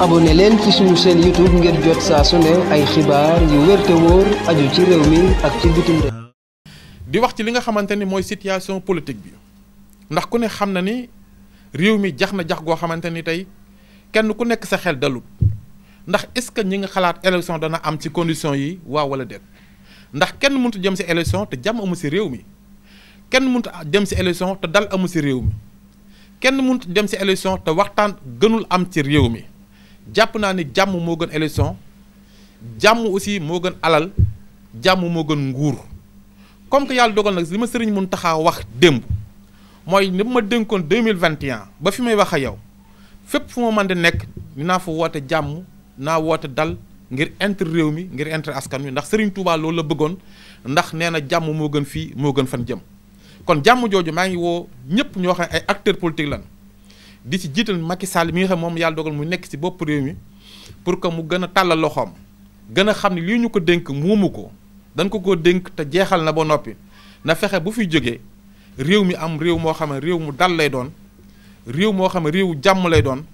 abonné leen ci suñu chaîne YouTube ngir jot saa su ne ay xibaar yu wér te wóor aju ci réew mi ak ci bitim réew di wax ci li nga xamante ni mooy situation politique bi ndax ku ne xam na ni réew mi jax na jax goo xamante ni tey kenn ku nekk sa xel dalut ndax est-ce que ñi nga xalaat élection dana am ci condition yi waaw wala déet ndax kenn muntu jëm si élection te jàmm amu si réew mi kenn mënut dem si élection te dal amu si réew kenn mënut dem si élection te waxtaan gënul am ci réew mi jàpp naa ni jàmm moo gën élection jàmm aussi moo gën alal jàmm moo gën nguur comme que yàlla dogal nag li ma sëriñ Mountakha wax démb mooy ni ma dénkoon deux mille vingt et ba fi may wax a yow fépp fu ma mën di nekk dinaa fa woote jàmm naa woote dal ngir intérêt réew mi ngir intérêt askan wi ndax sëriñ Touba loolu la bëggoon ndax nee na jàmm moo gën fii moo gën fan jëm kon jàmm jooju maa ngi woo ñëpp ñoo xam ay acteurs politiques lan di ci jiital Macky Sall mi nga xam moom yàlla dogal mu nekk ci bopp réew mi pour que mu gën a tàllal loxoom gën a xam ne lii ñu ko dénk muumu ko dañ ko ko dénk te jeexal na ba noppi na fexe bu fi jógee réew mi am réew moo xam ne réew mu dal lay doon réew moo xam ne réewu jàmm lay doon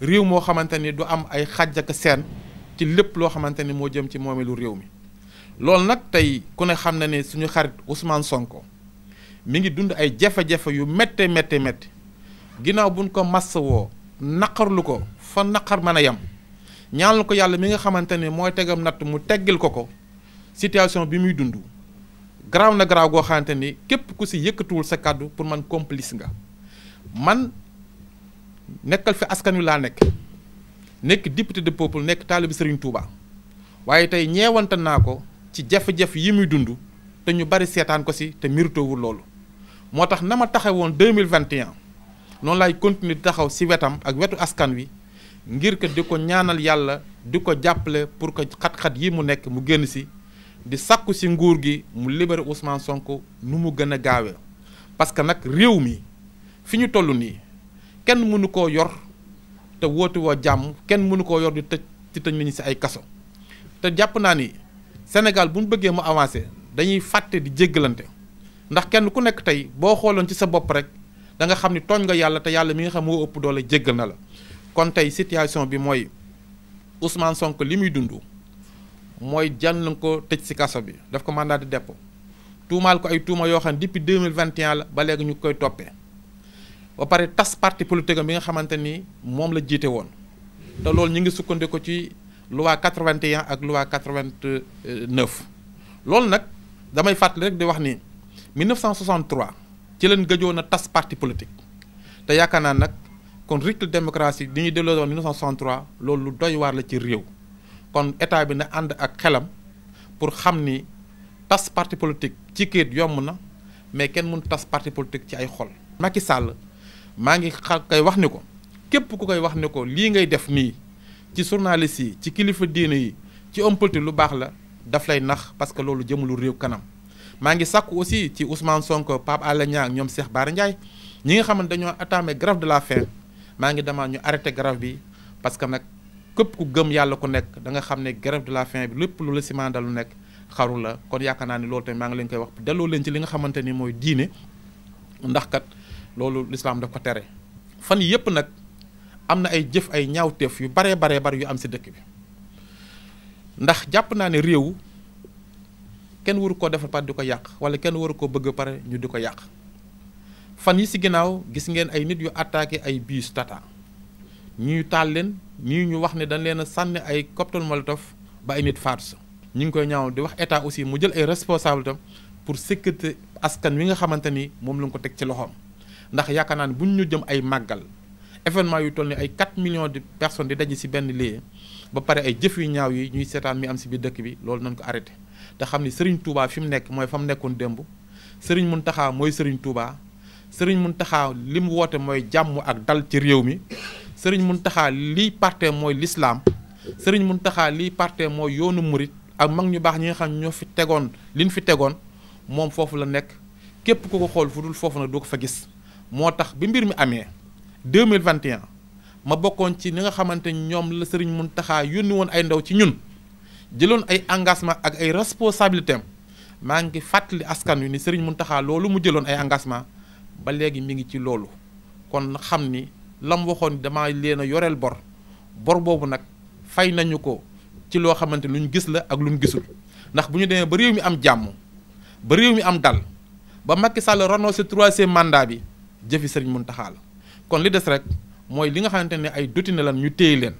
réew moo xamante ni du am ay xàjj ak seen ci lépp loo xamante ni moo jëm ci moomeelu réew mi loolu nag tey ku ne xam na ne suñu xarit Ousmane Sonko mi ngi dund ay jafe-jafe yu métte métte métti ginnaaw buñ ko massa naqarlu ko fa naqar mën a yem ñaanal ko yàlla mi nga xamante ne mooy tegam natt mu teggil ko ko situation bi muy dund garaaw na garaaw goo xamante ni képp ku si yëkkatuwul sa kàddu pour man complice nga man nekkal fi askan wi laa nekk nekk député de peuple nekk taalibi Serigne Touba waaye tey ñeewante naa ko ci jafe-jafe yi muy dund te ñu bari seetaan ko si te méritowul loolu moo tax na ma taxawoon deux mille vingt et noonu laay continuer di taxaw si wetam ak wetu askan wi ngir que di ko ñaanal yàlla di ko jàppale pour que xat-xat yi mu nekk mu génn si di sàkku si nguur gi mu libéré Ousmane Sonko nu mu gën a gaawee parce que nag réew mi fi ñu toll nii kenn mënu ko yor te woote woo jàmm kenn mënu ko yor di tëj ci tëj nañu si ay kaso te jàpp naa ni Sénégal bu ñu bëggee mu avancé dañuy fàtte di jéggalante ndax kenn ku nekk tey boo xooloon ci sa bopp rek. da nga xam ni tooñ nga yàlla te yàlla mi nga xam moo ëpp doole jéggal na la kon tey situation bi mooy Ousmane sonk li muy dund mooy jàn lañ ko tëj si kaso bi daf ko mandat de dépôt tuumaal ko ay tuuma yoo xam ne depuis deux mille vingt et la ba léegi ñu koy toppee ba pare tas parti politique bi nga xamante ni moom la jiite woon te loolu ñu ngi sukkandiku ci loi 81 ak loi 89 loolu nag damay fàttali rek di wax ni 1963. ci leen gëjoon a tas parti politique te yaakaar naa nag kon rythme démocratie di ñuy delloo woon 1963 loolu lu doy waar la ci réew kon état bi na ànd ak xelam pour xam ni tas parti politique ci këyit yomb na mais kenn mun tas parti politique ci ay xol. Macky sàll maa ngi xa koy wax ni ko képp ku koy wax ni ko lii ngay def nii ci journaliste yi ci kilifa diine yi ci homme lu baax la daf lay nax parce que loolu jëmulu réew kanam. maa ngi sàkku aussi ci Ousmane sonk Pape Alé Niang ak ñoom Cheikh Bara Ndiaye ñi nga xamante dañoo attamé grève de la faim maa ngi demande ñu arrêté grève bi parce que nag képp ku gëm yàlla ku nekk da nga xam ne grève de la faim bi lépp lu la simandal lu nekk xaru la kon yaakaar naa ni loolu tamit maa ngi leen koy wax delloo leen ci xamante ni mooy diine ndax kat loolu lislaam daf ko tere fan yëpp nag am na ay jëf ay ñaawteef yu baree baree bari yu am si dëkk bi ndax jàpp naa ne réew kenn waru koo defar pare di ko yàq wala kenn waru koo bëgg pare ñu di ko yàq fan yi si ginnaaw gis ngeen ay nit yu attaqué ay bus Tata ñuy taal leen ñii ñu wax ne dañ leen a sànni ay cocktail molotov ba ay nit faatu sa ñu ngi koy ñaaw di wax état aussi mu jël ay responsabilités pour sécurité askan wi nga xamante ni moom la ñu ko teg ci loxoom ndax yaakaar naa ne buñ ñu jëm ay màggal événement yu toll ni ay 4 millions de personnes di daje si benn lieu ba par ay jëf yu ñaaw yi ñuy seetaan mi si biir dëkk bi loolu nañ ko arrêté. te xam ni Serigne Touba fi mu nekk mooy fa mu nekkoon démb Serigne Mountakha mooy Serigne Touba Serigne Mountakha li mu woote mooy jàmm ak dal ci réew mi Serigne Mountakha liy parte mooy lislaam Serigne Mountakha liy parte mooy yoonu murit ak mag ñu baax ñi nga xam ñoo fi tegoon liñ fi tegoon moom foofu la nekk képp ku ko xool fu dul foofu nag doo ko fa gis moo tax bi mbir mi amee 2021 ma bokkoon ci ñi nga xamante ñoom la Serigne Mountakha yónni woon ay ndaw ci ñun. jëloon ay engagement ak ay responsabilité am maa ngi fàttali askan wi ni mun taxaa loolu mu jëloon ay engagement ba léegi mi ngi ci loolu kon xam ni lam waxoon dama leen a yoreel bor bor boobu nag fay nañu ko ci loo xamante lu ñu gis la ak lu ñu gisul ndax bu ñu demee ba réew mi am jàmm ba réew mi am dal ba Macky Sall renoncé troisième mandat bi jëfi Serigne Mountakha la kon li des rek mooy li nga xamante ne ay dotine lan ñu téye leen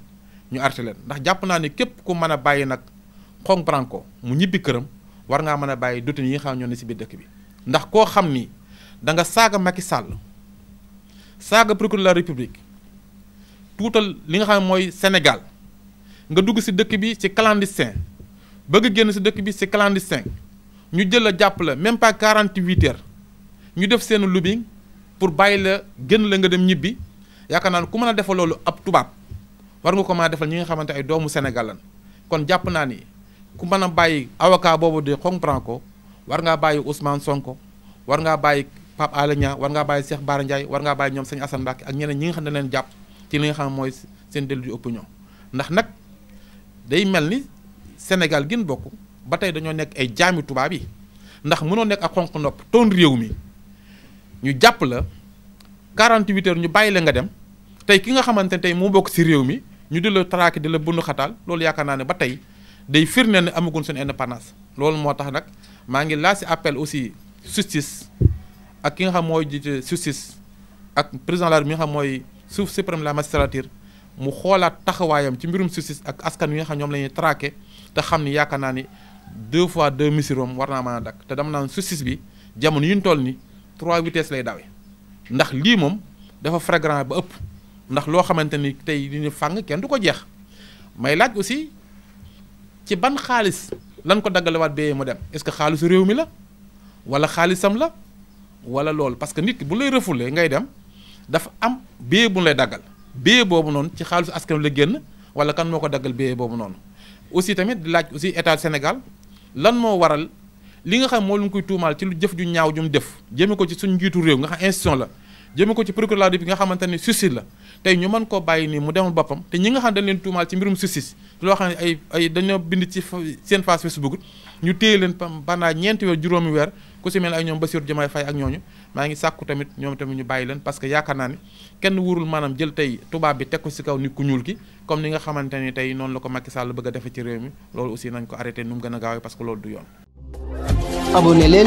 ñu arte ndax jàpp naa ne képp ku mën a bàyyi nag comprendre ko mu ñibbi këram war ngaa mën a bàyyi dutine yi nga xam ñoo ne si biir dëkk bi ndax koo xam ni danga nga saaga Macky sàll saaga procureur de la république tuutal li nga xam ne mooy Sénégal nga dugg si dëkk bi ci clandestin bëgg génn si dëkk bi ci clandestin ñu jël la jàpp la même pas 48 heures ñu def seen lobbying pour bàyyi la génn la nga dem ñibbi yaakaar naa ne ku mën a defal loolu ab tubaab war nga ko mën defal ñi nga xamante ay doomu Sénégal lan kon ku mën a bàyyi avocat boobu de comprend ko war ngaa bàyyi Ousmane Sonko war ngaa bàyyi Pape Alé Niang war ngaa bàyyi seex Bara Ndiaye war ngaa bàyyi ñoom sëñ Assane Mbacké ak ñeneen ñi nga xam ne leen jàpp ci li nga xam mooy seen dellu ndax nag day mel ni Sénégal gin bokk ba tey dañoo nekk ay jaami tubaab yi ndax mënoo nekk ak xonq nopp toon réew mi ñu jàpp la 48 heures ñu bàyyi la nga dem tey ki nga xamante tey moo bokk si réew mi ñu di la traqué di la bundu xataal loolu yaakaar naa ne ba tey day firndeel ne amaguñ suñu indépendance loolu moo tax nag maa ngi laa si appel aussi justice ak ki nga xam mooy jiite justice ak président la mi nga xam mooy suuf suprême la magistrature mu xoolaat taxawaayam ci mbirum justice ak askan wi nga xam ñoom la ñuy traqué te xam ni yaakaar naa ni deux fois deux misirons war naa mën a dakk te dem naan justice bi jamono yi toll ni trois vitesses lay dawee ndax lii moom dafa flagrant ba ëpp ndax loo xamante ni tey li ñu kenn du ko jeex may laaj aussi. ci ban xaalis lan ko daggalewaat béyee mu dem est-ce que xaalisu réew mi la wala xaalisam la wala lool parce que nit ki bu lay refulee ngay dem dafa am béyee bu lay daggal béyee boobu noonu ci xaalisu askan la génn wala kan moo ko daggal béyee boobu noonu. aussi tamit di laaj aussi état Sénégal lan moo waral li nga xam moo lu koy tuumaal ci lu jëf ju ñaaw ju mu def jëme ko ci suñ njiitu réew nga xam institution la jëme ko ci procureur bi nga xamante ne suicide la. tey ñu mën koo bàyyi nii mu demal boppam te ñi nga xam dañ leen tuumaal ci mbirum justice loo xam ne ay ay bind ci seen page Facebook ñu téye leen pendant ñeenti weer juróomi weer ku si mel ay ñoom Bassirou Diomaye Faye ak ñooñu maa ngi sàkku tamit ñoom tamit ñu bàyyi leen parce que yaakaar naa ne kenn wurul maanaam jël tey tubaab bi teg ko kaw ni ku ñuul ki comme ni nga xamante ni tey noonu la ko Macky Sall bëgg a defe ci réew mi loolu aussi nañ a gaawee parce que loolu du yoon abonné leen